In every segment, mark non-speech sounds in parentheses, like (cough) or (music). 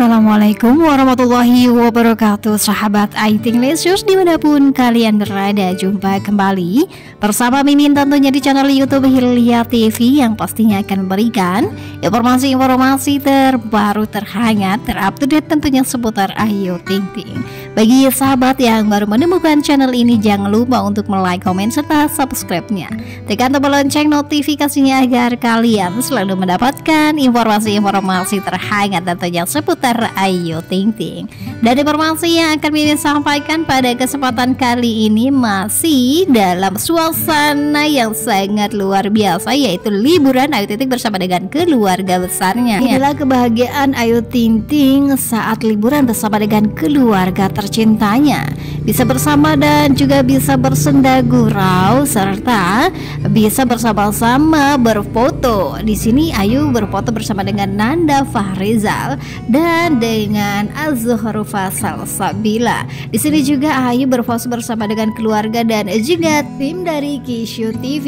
Assalamualaikum warahmatullahi wabarakatuh Sahabat IT Lesius dimanapun kalian berada Jumpa kembali bersama Mimin tentunya di channel Youtube Hilya TV Yang pastinya akan memberikan informasi-informasi terbaru terhangat Terupdate tentunya seputar Ayu Ting Ting bagi sahabat yang baru menemukan channel ini jangan lupa untuk like, komen, serta subscribe-nya Tekan tombol lonceng notifikasinya agar kalian selalu mendapatkan informasi-informasi terhangat dan tentunya seputar Ayu Ting Ting Dan informasi yang akan Mimin sampaikan pada kesempatan kali ini masih dalam suasana yang sangat luar biasa yaitu liburan Ayu Ting Ting bersama dengan keluarga besarnya Inilah kebahagiaan Ayu Ting Ting saat liburan bersama dengan keluarga tersebut tercintanya bisa bersama dan juga bisa bersenda gurau serta bisa bersama-sama berfoto. Di sini Ayu berfoto bersama dengan Nanda Fahrizal dan dengan Az-Zuhru Fasal Sabila. Di sini juga Ayu berfoto bersama dengan keluarga dan juga tim dari Kishu TV.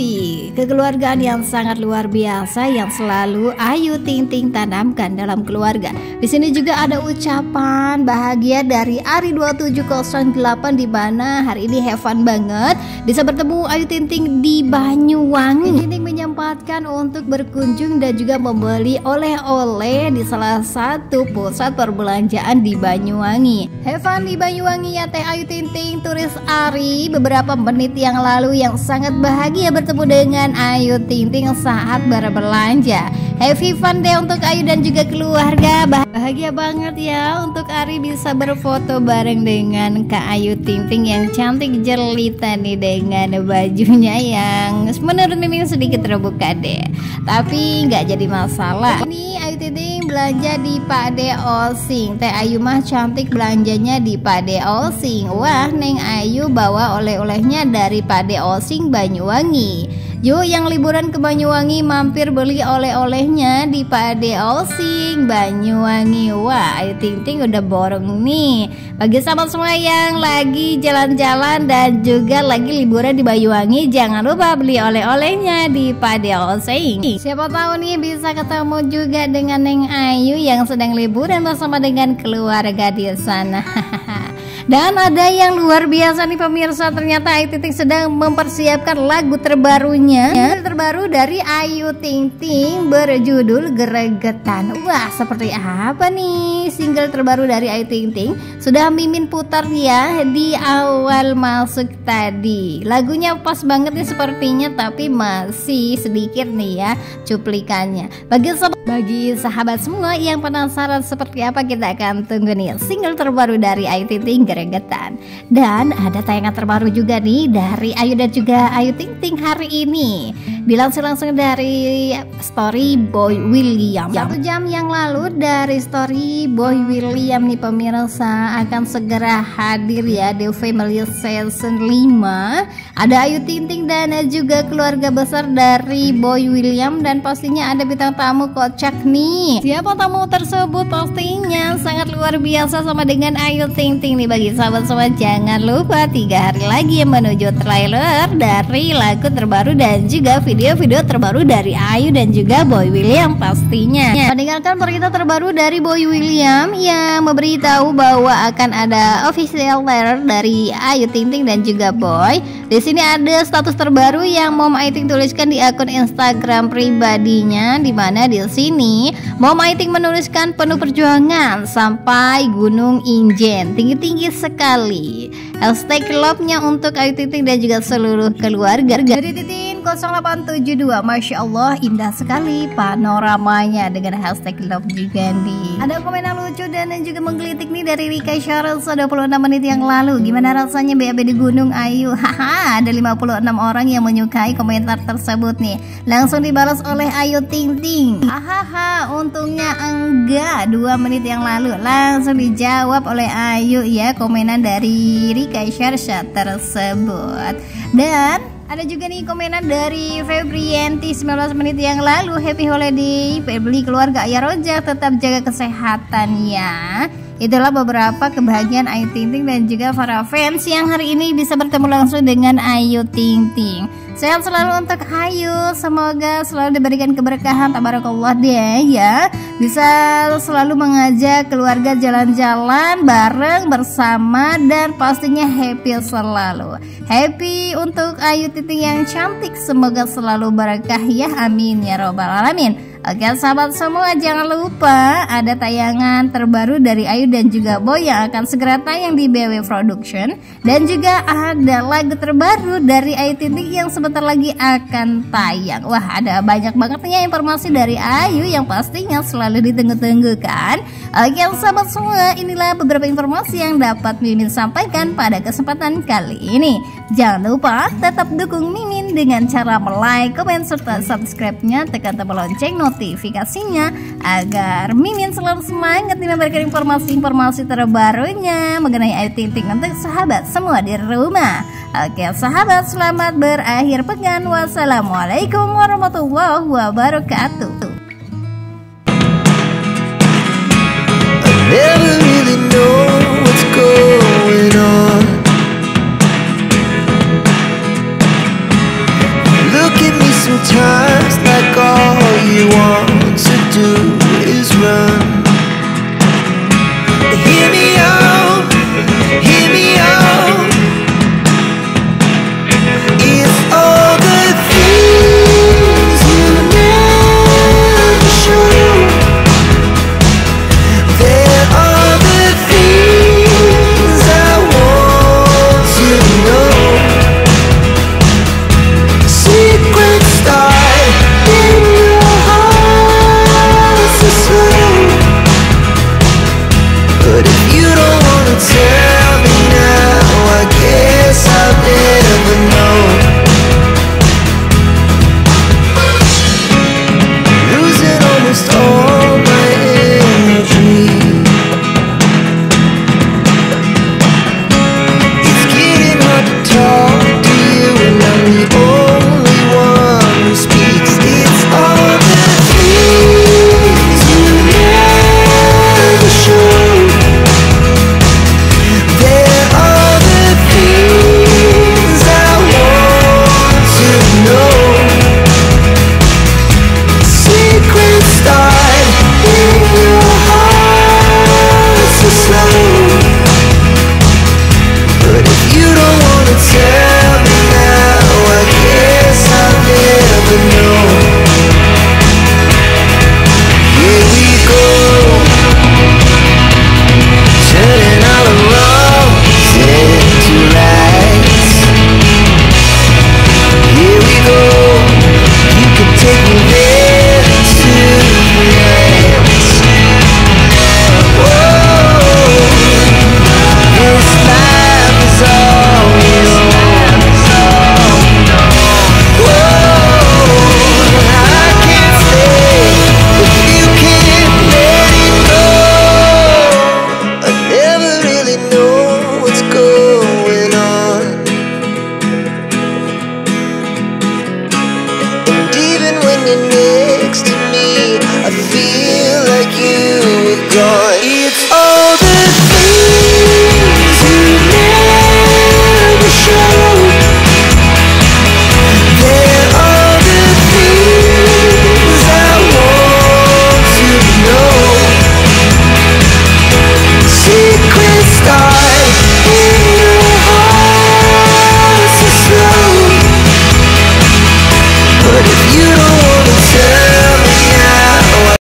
Kekeluargaan yang sangat luar biasa yang selalu Ayu Ting Ting tanamkan dalam keluarga. Di sini juga ada ucapan bahagia dari Ari 2708 di mana hari ini have fun banget bisa bertemu Ayu Tinting di Banyuwangi. Tinting menyempatkan untuk berkunjung dan juga membeli oleh-oleh di salah satu pusat perbelanjaan di Banyuwangi. Have fun di Banyuwangi ya Teh Ayu Tinting turis Ari beberapa menit yang lalu yang sangat bahagia bertemu dengan Ayu Tinting saat berbelanja. Happy fun deh untuk Ayu dan juga keluarga. Bahagia banget ya untuk Ari bisa berfoto bareng dengan Kak Ayu Ting Ting yang cantik jelita nih dengan bajunya yang menurut Mimin sedikit terbuka deh. Tapi nggak jadi masalah. Ini Ayu Ting Ting belanja di Pak De Olsing. Teh Ayu mah cantik belanjanya di Pak De Olsing. Wah, Neng Ayu bawa oleh-olehnya dari Pak De Olsing Banyuwangi. Yuk yang liburan ke Banyuwangi mampir beli oleh-olehnya di Pak De Olsing Banyuwangi Wah Ayu Ting Ting udah borong nih Bagi sahabat semua yang lagi jalan-jalan dan juga lagi liburan di Banyuwangi Jangan lupa beli oleh-olehnya di Pak De Olsing Siapa tahu nih bisa ketemu juga dengan Neng A Ayu yang sedang liburan bersama dengan keluarga di sana. (laughs) Dan ada yang luar biasa nih pemirsa Ternyata Ayu Ting Ting sedang mempersiapkan lagu terbarunya terbaru dari Ayu Ting Ting berjudul Geregetan Wah seperti apa nih single terbaru dari Ayu Ting Ting Sudah mimin putar ya di awal masuk tadi Lagunya pas banget nih sepertinya Tapi masih sedikit nih ya cuplikannya Bagi sobat bagi sahabat semua yang penasaran seperti apa kita akan tunggu nih single terbaru dari Ayu Ting Ting Geregetan Dan ada tayangan terbaru juga nih dari Ayu dan juga Ayu Ting Ting hari ini Dilansir langsung dari story Boy William. Satu jam yang lalu dari story Boy William nih pemirsa akan segera hadir ya The Family Season 5. Ada Ayu Ting Ting dan juga keluarga besar dari Boy William dan pastinya ada bintang tamu kocak nih. Siapa tamu tersebut pastinya sangat luar biasa sama dengan Ayu Ting Ting nih bagi sahabat-sahabat jangan lupa tiga hari lagi menuju trailer dari lagu terbaru dan juga video video-video terbaru dari Ayu dan juga Boy William pastinya. Ya, Meninggalkan berita terbaru dari Boy William yang memberitahu bahwa akan ada official letter dari Ayu Ting Ting dan juga Boy. Di sini ada status terbaru yang Mom Ayu tuliskan di akun Instagram pribadinya di mana di sini Mom Ayu menuliskan penuh perjuangan sampai Gunung Injen tinggi-tinggi sekali love nya untuk Ayu Ting dan juga seluruh keluarga. Jadi Titin 0872, Masya Allah indah sekali panoramanya dengan hashtag love juga nih. Ada komen yang lucu dan juga menggelitik nih dari Rika Syahrul 26 menit yang lalu. Gimana rasanya BAB di Gunung Ayu? (laughs) Haha, ada 56 orang yang menyukai komentar tersebut nih. Langsung dibalas oleh Ayu Ting Ting. Hahaha, untungnya enggak 2 menit yang lalu. Langsung dijawab oleh Ayu ya komenan dari Rika Kaisar Syarsha tersebut dan ada juga nih komenan dari Febrianti 19 menit yang lalu Happy holiday Febri keluarga Ayah Roja tetap jaga kesehatan ya Itulah beberapa kebahagiaan Ayu Ting Ting dan juga para fans yang hari ini bisa bertemu langsung dengan Ayu Ting Ting. Sehat selalu untuk Ayu, semoga selalu diberikan keberkahan tabarakallah deh ya. Bisa selalu mengajak keluarga jalan-jalan bareng bersama dan pastinya happy selalu. Happy untuk Ayu Ting Ting yang cantik, semoga selalu berkah ya. Amin ya robbal alamin. Oke sahabat semua jangan lupa ada tayangan terbaru dari Ayu dan juga Boy yang akan segera tayang di BW Production Dan juga ada lagu terbaru dari Ayu Titik yang sebentar lagi akan tayang Wah ada banyak banget nih informasi dari Ayu yang pastinya selalu ditunggu-tunggu kan Oke sahabat semua inilah beberapa informasi yang dapat Mimin sampaikan pada kesempatan kali ini Jangan lupa tetap dukung Mimin dengan cara like, komen, serta subscribe-nya, tekan tombol lonceng notifikasinya agar Mimin selalu semangat di memberikan informasi-informasi terbarunya mengenai Ayu Ting Ting untuk sahabat semua di rumah. Oke sahabat, selamat berakhir pekan. Wassalamualaikum warahmatullahi wabarakatuh. never really know what's going you want running